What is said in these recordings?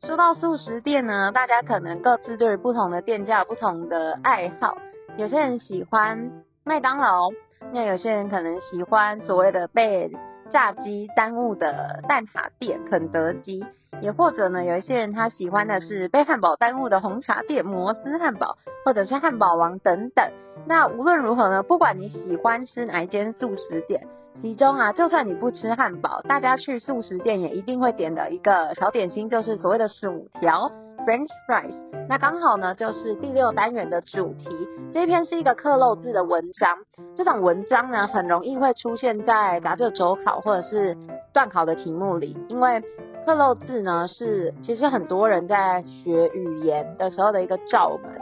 說到速食店呢，大家可能各自對於不同的店家有不同的愛好。有些人喜歡麥當勞哦，那有些人可能喜歡所謂的被炸雞耽誤的蛋塔店，肯德基，也或者呢，有一些人他喜歡的是被漢堡耽誤的紅茶店，摩斯漢堡，或者是漢堡王等等。那無論如何呢，不管你喜歡吃哪一間速食店。其中啊，就算你不吃漢堡，大家去素食店也一定會點的一個小點心，就是所謂的薯條 （French fries）。那剛好呢，就是第六單元的主題。這一篇是一個克漏字的文章，這種文章呢，很容易會出現在雜誌週考或者是段考的題目裡，因為克漏字呢是其實很多人在學語言的時候的一個罩門，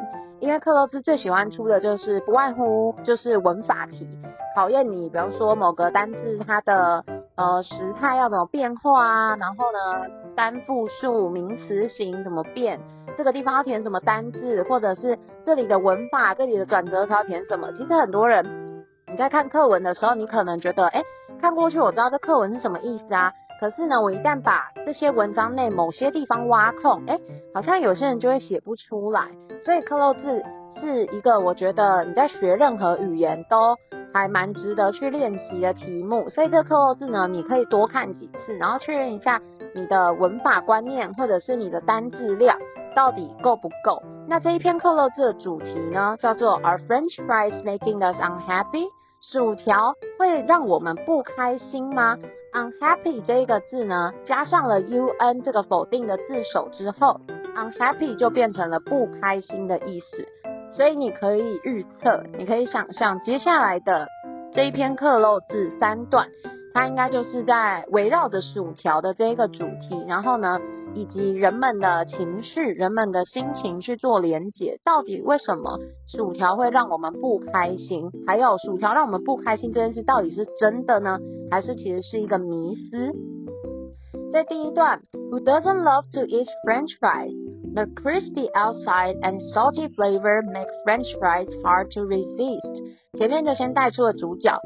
因為克漏字最喜歡出的就是不外乎就是文法題。考驗你，比方說某個單字它的呃時態要怎麼變化啊，然後呢單複數、名詞型怎麼變，這個地方要填什麼單字，或者是這裡的文法、這裡的轉折才要填什麼。其實很多人你在看課文的時候，你可能覺得哎看過去我知道這課文是什麼意思啊，可是呢我一旦把這些文章內某些地方挖空，哎好像有些人就會寫不出來。所以克漏字是一個我覺得你在學任何語言都。還蠻值得去練習的題目，所以這個克漏字呢，你可以多看幾次，然後確認一下你的文法觀念或者是你的單字量到底夠不夠。那這一篇克漏字的主題呢，叫做 Are French fries making us unhappy？薯條會讓我們不開心嗎？unhappy 這一個字呢，加上了 un 這個否定的字首之後，unhappy 就變成了不開心的意思。所以你可以預測，你可以想象接下來的這一篇克漏字三段，它應該就是在圍繞着薯條的這一個主題，然後呢，以及人們的情緒、人們的心情去做連結，到底為什麼薯條會讓我們不開心？還有薯條讓我們不開心這件事到底是真的呢，還是其實是一個迷思？在第一段，Who doesn't love to eat French fries？The crispy outside and salty flavor make French fries hard to resist。前面就先帶出了主角，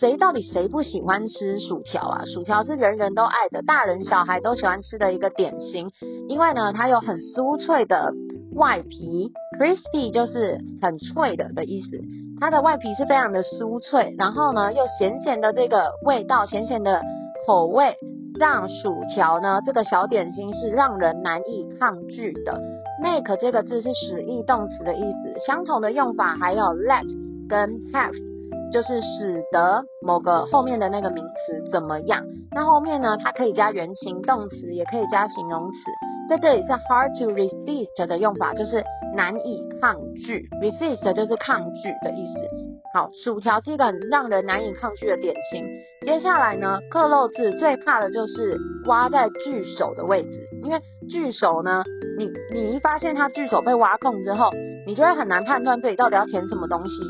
誰到底誰不喜歡吃薯條啊？薯條是人人都愛的，大人小孩都喜歡吃的一個點心。因為呢，它有很酥脆的外皮，crispy 就是很脆的的意思。它的外皮是非常的酥脆，然後呢，又鹹鹹的這個味道，鹹鹹的口味。讓薯條呢，這個小點心是讓人難以抗拒的。make 這個字是使役動詞的意思，相同的用法還有 let 跟 have，就是使得某個後面的那個名詞怎麼樣。那後面呢，它可以加原形動詞，也可以加形容詞。在這裡是 hard to resist 的用法就是難以抗拒，resist 就是抗拒的意思。好，薯條是一個很讓人難以抗拒的點心。接下來呢，克漏字最怕的就是挖在句首的位置，因為句首呢，你你一發現它句首被挖空之後，你就會很難判斷自己到底要填什麼東西。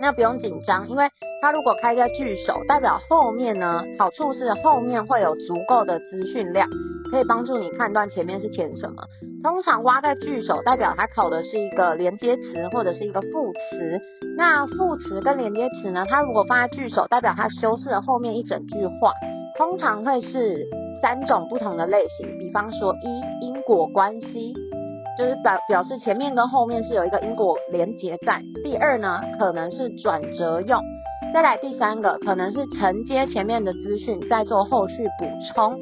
那不用緊張，因為它如果開在句首，代表後面呢，好處是後面會有足夠的資訊量，可以幫助你判斷前面是填什麼。通常挖在句首，代表它考的是一個連接詞或者是一個副詞。那副詞跟連接詞呢，它如果放在句首，代表它修飾了後面一整句話。通常會是三種不同的類型，比方說一因果關係，就是表表示前面跟後面是有一個因果連接在。第二呢，可能是轉折用。再來第三個，可能是承接前面的資訊，再做後續補充。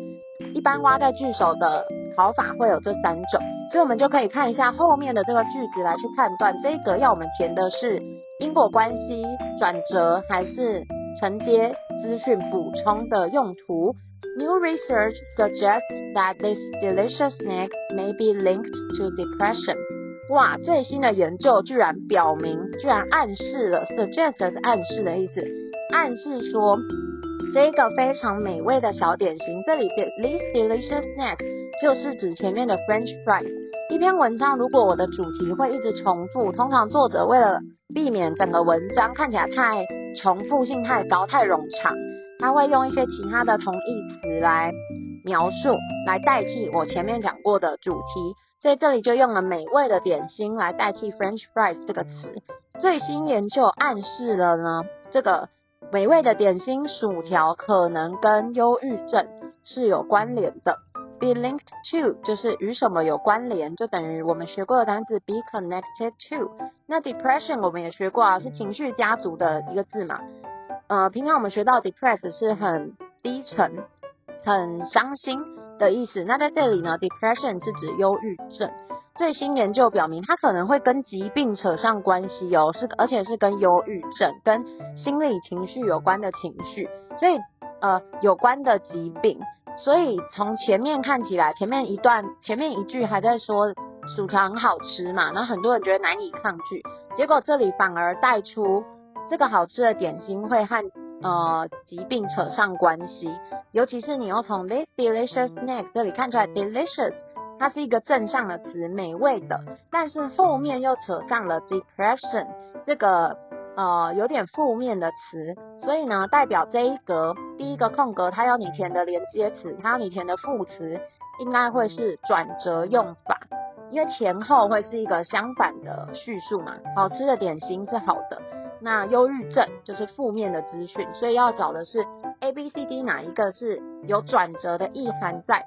一般挖在句首的。考法會有這三種，所以我們就可以看一下後面的這個句子來去判斷，這一格要我們填的是因果關係、轉折還是承接、資訊補充的用途。New research suggests that this delicious snack may be linked to depression。哇，最新的研究居然表明，居然暗示了，suggest 是暗示的意思。暗示說，這個非常美味的小點心，這裡的 this delicious snack 就是指前面的 French fries。一篇文章如果我的主題會一直重複，通常作者為了避免整個文章看起來太重複性太高、太冗長，他會用一些其他的同義詞來描述，來代替我前面講過的主題。所以這裡就用了美味的點心來代替 French fries 這個詞。最新研究暗示了呢，這個。美味的點心薯條可能跟憂鬱症是有關聯的，be linked to 就是與什麼有關聯，就等於我們學過的單詞 be connected to。那 depression 我們也學過啊，是情緒家族的一個字嘛。呃，平常我們學到 depress 是很低沉、很傷心。的意思，那在這裡呢，depression 是指憂鬱症。最新研究表明，它可能會跟疾病扯上關係哦，是而且是跟憂鬱症、跟心理情緒有關的情緒，所以呃有關的疾病。所以從前面看起來，前面一段、前面一句還在說薯條很好吃嘛，然後很多人覺得難以抗拒，結果這裡反而帶出這個好吃的點心會和。呃，疾病扯上關係，尤其是你又從 this delicious snack 這裡看出來，delicious 它是一個正向的詞，美味的，但是後面又扯上了 depression 這個呃有點負面的詞，所以呢，代表這一格第一個空格，它要你填的連接詞，它要你填的副詞，應該會是轉折用法，因為前後會是一個相反的敘述嘛，好吃的點心是好的。那憂鬱症就是負面的資訊，所以要找的是 A B C D 哪一個是有轉折的意涵在？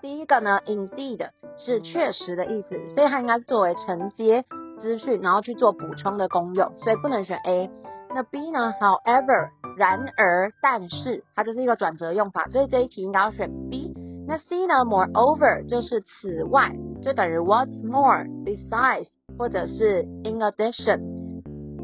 第一個呢，Indeed 是確實的意思，所以它應該是作為承接資訊，然後去做補充的功用，所以不能選 A。那 B 呢，However 然而、但是，它就是一個轉折用法，所以這一題應該要選 B。那 C 呢，Moreover 就是此外，就等於 What's more，Besides 或者是 In addition。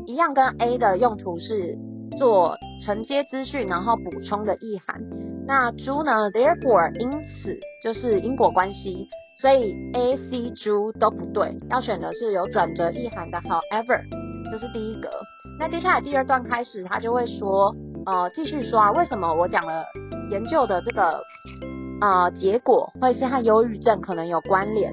一樣跟 A 的用途，是做承接資訊，然後補充的意涵。那豬呢？Therefore，因此就是因果關係，所以 A、C、豬都不對，要選的是有轉折意涵的。However，這是第一格。那接下來第二段開始，他就會說，呃，繼續說啊，為什麼我講了研究的這個呃結果會是和憂鬱症可能有關聯？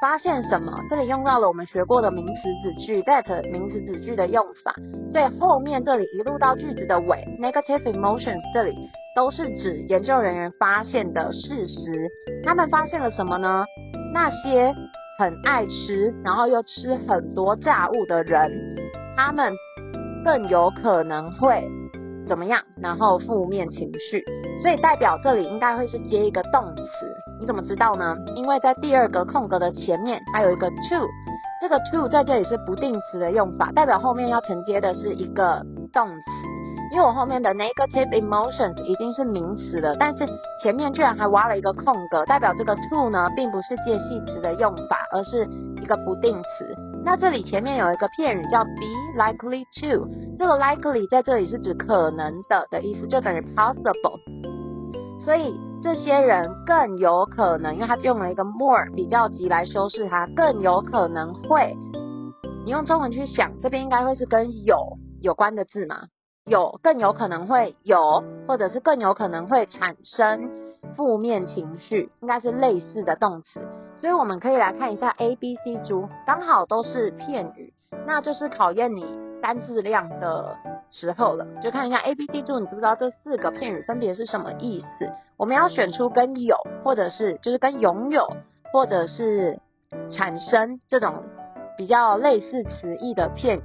發現什麼？這裡用到了我們學過的名詞子句 that 名詞子句的用法，所以後面這裡一路到句子的尾 negative emotions，這裡都是指研究人員發現的事實。他們發現了什麼呢？那些很愛吃，然後又吃很多炸物的人，他們更有可能會怎麼樣？然後負面情緒，所以代表這裡應該會是接一個動詞。你怎麼知道呢？因為在第二個空格的前面還有一個 to，這個 to 在這裡是不定詞的用法，代表後面要承接的是一個動詞。因為我後面的 negative emotions 已經是名詞了，但是前面居然還挖了一個空格，代表這個 to 呢並不是介系詞的用法，而是一個不定詞。那這裡前面有一個片語叫 be likely to，這個 likely 在這裡是指可能的的意思，就等於 possible。所以這些人更有可能，因為他用了一個 more 比較級來修飾它，更有可能會。你用中文去想，這邊應該會是跟有有關的字嘛？有更有可能會有，或者是更有可能會產生負面情緒，應該是類似的動詞。所以我們可以來看一下 ABC 組，剛好都是片語，那就是考驗你。單字量的時候了，就看一下 A B C D，你知不知道這四個片語分別是什麼意思？我們要選出跟有或者是就是跟擁有或者是產生這種比較類似詞義的片語。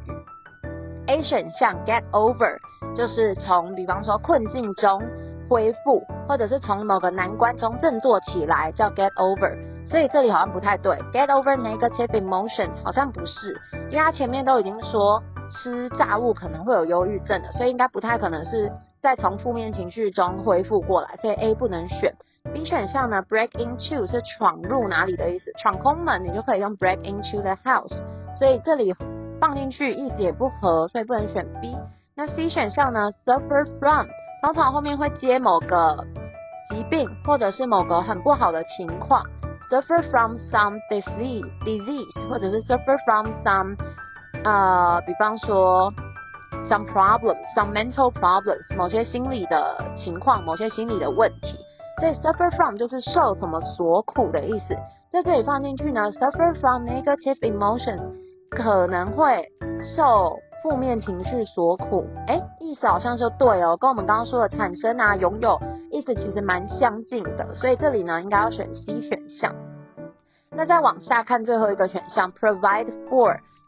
A 選項 get over 就是從比方說困境中恢復，或者是從某個難關中振作起來叫 get over，所以這裡好像不太對。get over negative emotions 好像不是，因為它前面都已經說。吃炸物可能會有憂鬱症的，所以應該不太可能是在從負面情緒中恢復過來，所以 A 不能選。B 選項呢，break into 是闖入哪裡的意思，闖空門你就可以用 break into the house，所以這裡放進去意思也不合，所以不能選 B。那 C 選項呢，suffer from 通常後面會接某個疾病或者是某個很不好的情況，suffer from some disease disease 或者是 suffer from some。啊，uh, 比方說，some problems, some mental problems，某些心理的情況，某些心理的問題。所以 suffer from 就是受什麼所苦的意思。在這裡放進去呢，suffer from negative emotions，可能會受負面情緒所苦。誒，意思好像就對哦，跟我們剛剛說的產生啊、擁有，意思其實蠻相近的。所以這裡呢，應該要選 C 選項。那再往下看最後一個選項，provide for。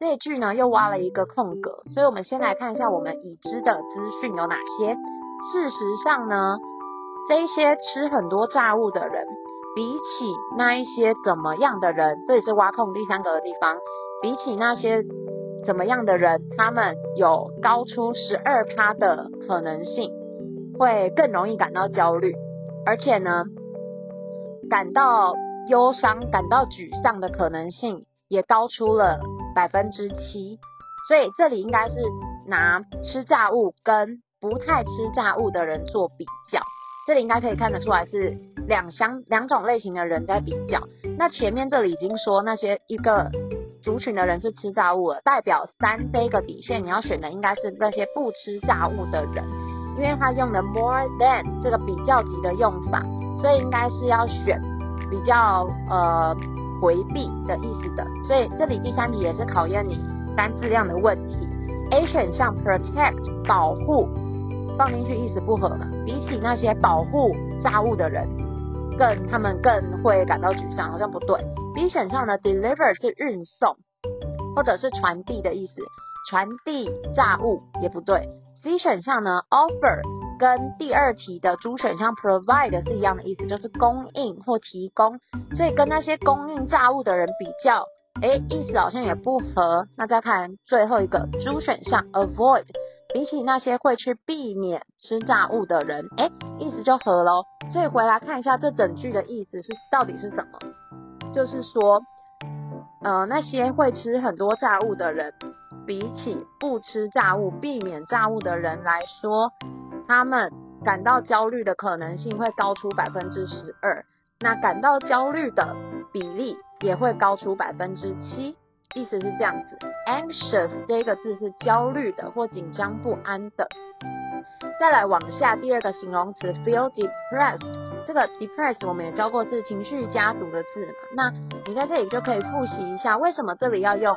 這句呢又挖了一個空格，所以我們先來看一下我們已知的資訊有哪些。事實上呢，這一些吃很多炸物的人，比起那一些怎麼樣的人，這裡是挖空第三格的地方，比起那些怎麼樣的人，他們有高出十二趴的可能性，會更容易感到焦慮，而且呢，感到憂傷、感到沮喪的可能性也高出了。百分之七，所以這裡應該是拿吃炸物跟不太吃炸物的人做比較，這裡應該可以看得出來是兩相兩種類型的人在比較。那前面這裡已經說那些一個族群的人是吃炸物了，代表三這個底線你要選的應該是那些不吃炸物的人，因為他用的 more than 這個比較級的用法，所以應該是要選比較呃。回避的意思的，所以這裡第三題也是考驗你單字量的問題。A 選項 protect 保護放進去意思不合嘛？比起那些保護炸物的人，更他們更會感到沮喪，好像不對。B 選項呢，deliver 是運送或者是傳遞的意思，傳遞炸物也不對。C 選項呢，offer。跟第二題的主選項 provide 是一樣的意思，就是供應或提供，所以跟那些供應炸物的人比較，誒、欸，意思好像也不合。那再看最後一個主選項 avoid，比起那些會去避免吃炸物的人，誒、欸，意思就合咯。所以回來看一下這整句的意思是到底是什麼，就是說，呃，那些會吃很多炸物的人。比起不吃炸物、避免炸物的人來說，他們感到焦慮的可能性會高出百分之十二，那感到焦慮的比例也會高出百分之七。意思是這樣子，anxious 這個字是焦慮的或緊張不安的。再來往下，第二個形容詞 feel depressed，這個 depressed 我們也教過是情緒家族的字嘛，那你在這裡就可以複習一下為什麼這裡要用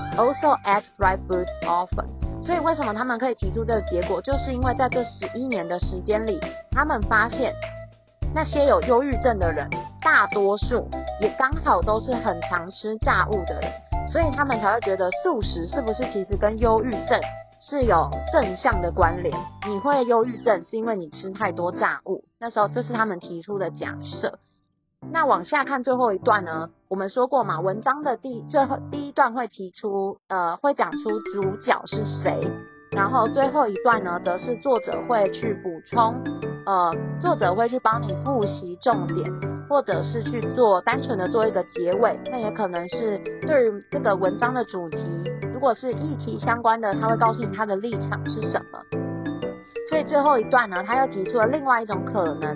Also, add fried foods often. 所以，為什麼他們可以提出這個結果，就是因為在這十一年的時間裡，他們發現那些有憂鬱症的人，大多數也剛好都是很常吃炸物的人，所以他們才會覺得素食是不是其實跟憂鬱症是有正向的關聯？你會憂鬱症是因為你吃太多炸物？那時候，這是他們提出的假設。那往下看最後一段呢？我們說過嘛，文章的第最後第一段會提出，呃，會講出主角是誰，然後最後一段呢，則是作者會去補充，呃，作者會去幫你複習重點，或者是去做單純的做一個結尾。那也可能是對於這個文章的主題，如果是議題相關的，他會告訴你他的立場是什麼。所以最後一段呢，他又提出了另外一種可能。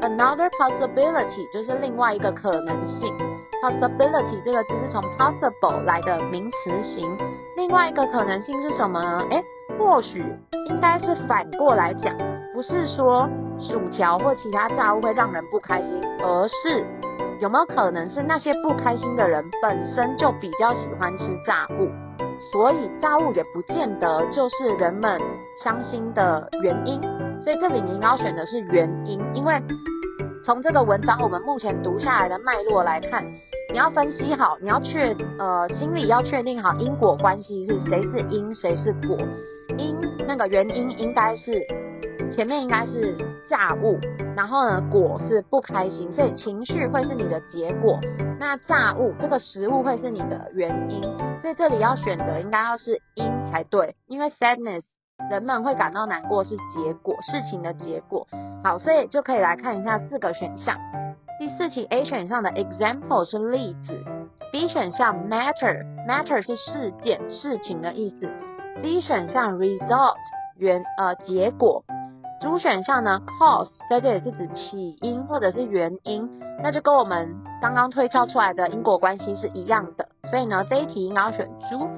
Another possibility 就是另外一個可能性。Possibility 這個字是從 possible 來的名詞型。另外一個可能性是什麼呢？誒、欸，或許應該是反過來講，不是說薯條或其他炸物會讓人不開心，而是有沒有可能是那些不開心的人本身就比較喜歡吃炸物，所以炸物也不見得就是人們傷心的原因。所以這裡你應該要選的是原因，因為從這個文章我們目前讀下來的脈絡來看，你要分析好，你要確，呃，心裡要確定好因果關係是誰是因，誰是果，因，那個原因應該是前面應該是炸物，然後呢，果是不開心，所以情緒會是你的結果，那炸物，這個食物會是你的原因，所以這裡要選的應該要是因才對，因為 sadness。人們會感到難過是結果，事情的結果，好，所以就可以來看一下四個選項。第四題 A 選項的 example 是例子，B 選項 matter matter 是事件事情的意思，C 選項 result 原，呃，結果，D 選項呢 cause 在這裡是指起因或者是原因，那就跟我們剛剛推敲出來的因果關係是一樣的，所以呢這一題應該要選 D。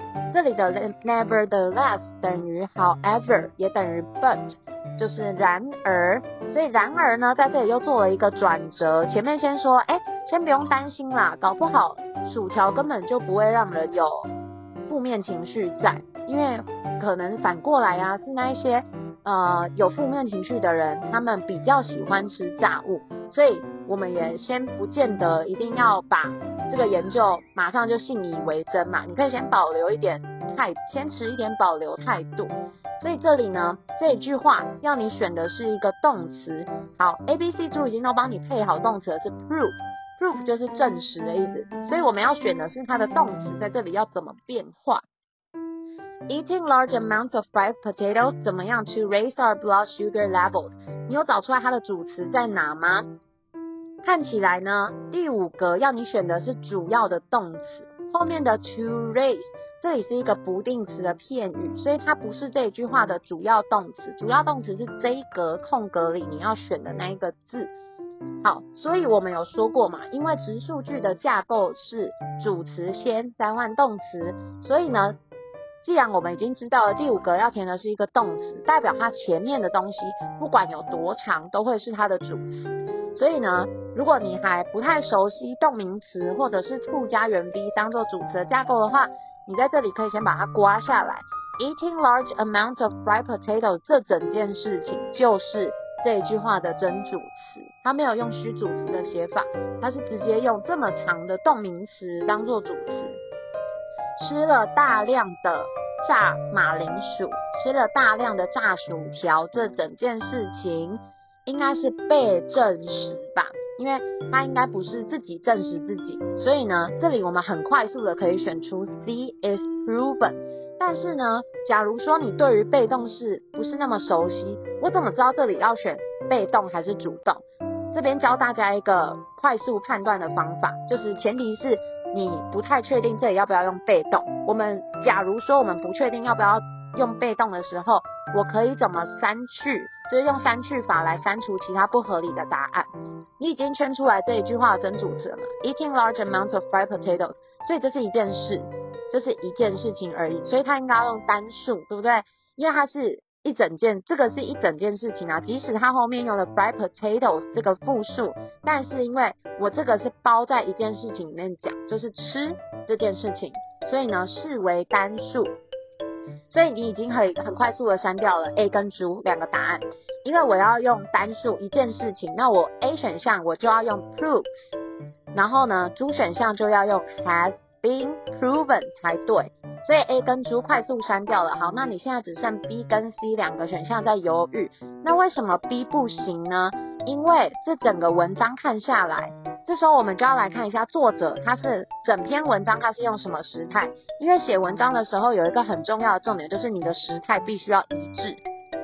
這裡的 nevertheless 等於 however，也等於 but，就是然而。所以然而呢，在這裡又做了一個轉折。前面先說，哎、欸，先不用擔心啦，搞不好薯條根本就不會讓人有負面情緒在，因為可能反過來啊，是那一些。呃，有負面情緒的人，他們比較喜歡吃炸物，所以我們也先不見得一定要把這個研究馬上就信以為真嘛。你可以先保留一點態度，先持一點保留態度。所以這裡呢，這一句話要你選的是一個動詞。好，A B C 已經都幫你配好動詞了，是 prove，prove prove 就是證實的意思。所以我們要選的是它的動詞，在這裡要怎麼變化？Eating large amounts of fried potatoes, 怎麼樣 to raise our blood sugar levels？你有找出來它的主詞在哪嗎？看起來呢，第五格要你選的是主要的動詞，後面的 to raise 這裡是一個不定詞的片語，所以它不是這一句話的主要動詞，主要動詞是這一格空格裡你要選的那一個字。好，所以我們有說過嘛，因為陳述句的架構是主詞先，再換動詞，所以呢。既然我們已經知道了第五格要填的是一個動詞，代表它前面的東西不管有多長都會是它的主詞。所以呢，如果你還不太熟悉動名詞或者是 to 加原 b 當做主詞的架構的話，你在這裡可以先把它刮下來。Eating large amount of fried potato 這整件事情就是這一句話的真主詞，它沒有用虛主詞的寫法，它是直接用這麼長的動名詞當做主詞。吃了大量的炸馬鈴薯，吃了大量的炸薯條，這整件事情應該是被證實吧？因為它應該不是自己證實自己，所以呢，這裡我們很快速的可以選出 C is proven。但是呢，假如說你對於被動式不是那麼熟悉，我怎麼知道這裡要選被動還是主動？這邊教大家一個快速判斷的方法，就是前提是。你不太確定這裡要不要用被動？我們假如說我們不確定要不要用被動的時候，我可以怎麼刪去？就是用刪去法來刪除其他不合理的答案。你已經圈出來這一句話的真主詞了嘛，eating large amounts of fried potatoes，所以這是一件事，這是一件事情而已，所以它應該要用單數，對不對？因為它是。一整件，這個是一整件事情啊。即使它後面用了 fried potatoes 這個複數，但是因為我這個是包在一件事情裡面講，就是吃這件事情，所以呢視為單數。所以你已經可以很快速的刪掉了 A 跟豬兩個答案，因為我要用單數一件事情，那我 A 選項我就要用 proves，然後呢豬選項就要用 has。Being proven 才對，所以 A 跟 D 快速刪掉了。好，那你現在只剩 B 跟 C 兩個選項在猶豫。那為什麼 B 不行呢？因為這整個文章看下來，這時候我們就要來看一下作者他是整篇文章他是用什麼時態。因為寫文章的時候有一個很重要的重點，就是你的時態必須要一致。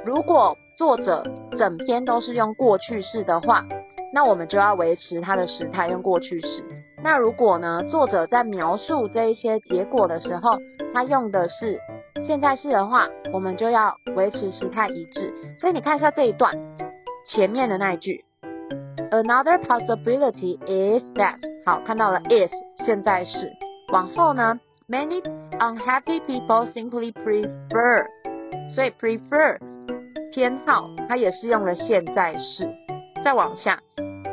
如果作者整篇都是用過去式的話，那我們就要維持他的時態用過去式。那如果呢，作者在描述這一些結果的時候，他用的是現在式的話，我們就要維持時態一致。所以你看一下這一段前面的那一句，Another possibility is that，好，看到了 is 現在式，往後呢，many unhappy people simply prefer，所以 prefer 偏好，它也是用了現在式，再往下。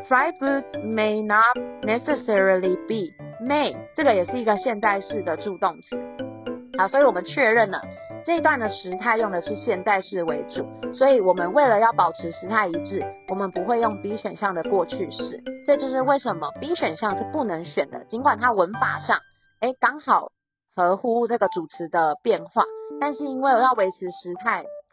Fried foods may not necessarily be may，這個也是一個現在式的助動詞，啊，所以我們確認了這一段的時態用的是現在式為主，所以我們為了要保持時態一致，我們不會用 B 選項的過去式，這就是為什麼 B 選項是不能選的，儘管它文法上，哎，剛好合乎這個主詞的變化，但是因為我要維持時態。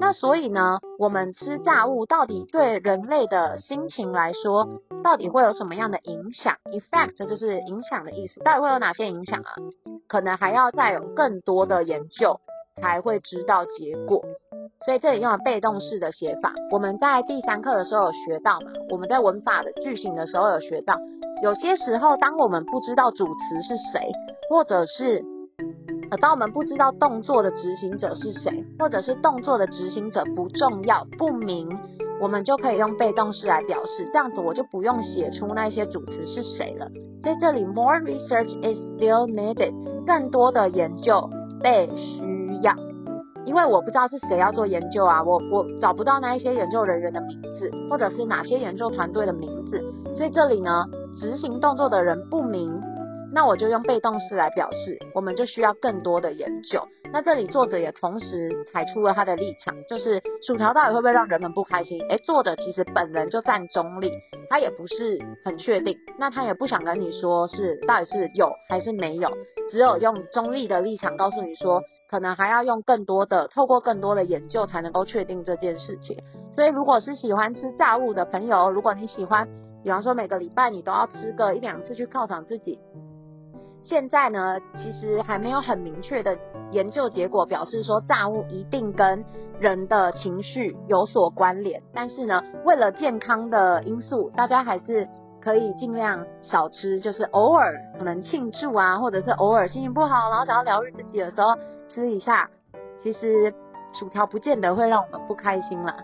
那所以呢，我們吃炸物到底對人類的心情來說，到底會有什麼樣的影響？effect 就是影響的意思，到底會有哪些影響啊？可能還要再有更多的研究才會知道結果。所以這裡用了被動式的寫法，我們在第三課的時候有學到嘛？我們在文法的句型的時候有學到，有些時候當我們不知道主詞是誰，或者是。呃，當我們不知道動作的執行者是誰，或者是動作的執行者不重要、不明，我們就可以用被動式來表示。這樣子我就不用寫出那一些主詞是誰了。所以這裡 More research is still needed，更多的研究被需要，因為我不知道是誰要做研究啊，我我找不到那一些研究人員的名字，或者是哪些研究團隊的名字。所以這裡呢，執行動作的人不明。那我就用被動式來表示，我們就需要更多的研究。那這裡作者也同時抬出了他的立場，就是薯條到底會不會讓人們不開心？誒、欸，作者其實本人就占中立，他也不是很確定，那他也不想跟你說是到底是有還是沒有，只有用中立的立場告訴你說，可能還要用更多的透過更多的研究才能夠確定這件事情。所以，如果是喜歡吃炸物的朋友，如果你喜歡，比方說每個禮拜你都要吃個一兩次去犒賞自己。現在呢，其實還沒有很明確的研究結果表示說，炸物一定跟人的情緒有所關聯。但是呢，為了健康的因素，大家還是可以儘量少吃。就是偶爾可能慶祝啊，或者是偶爾心情不好，然後想要療癒自己的時候吃一下，其實薯條不見得會讓我們不開心了。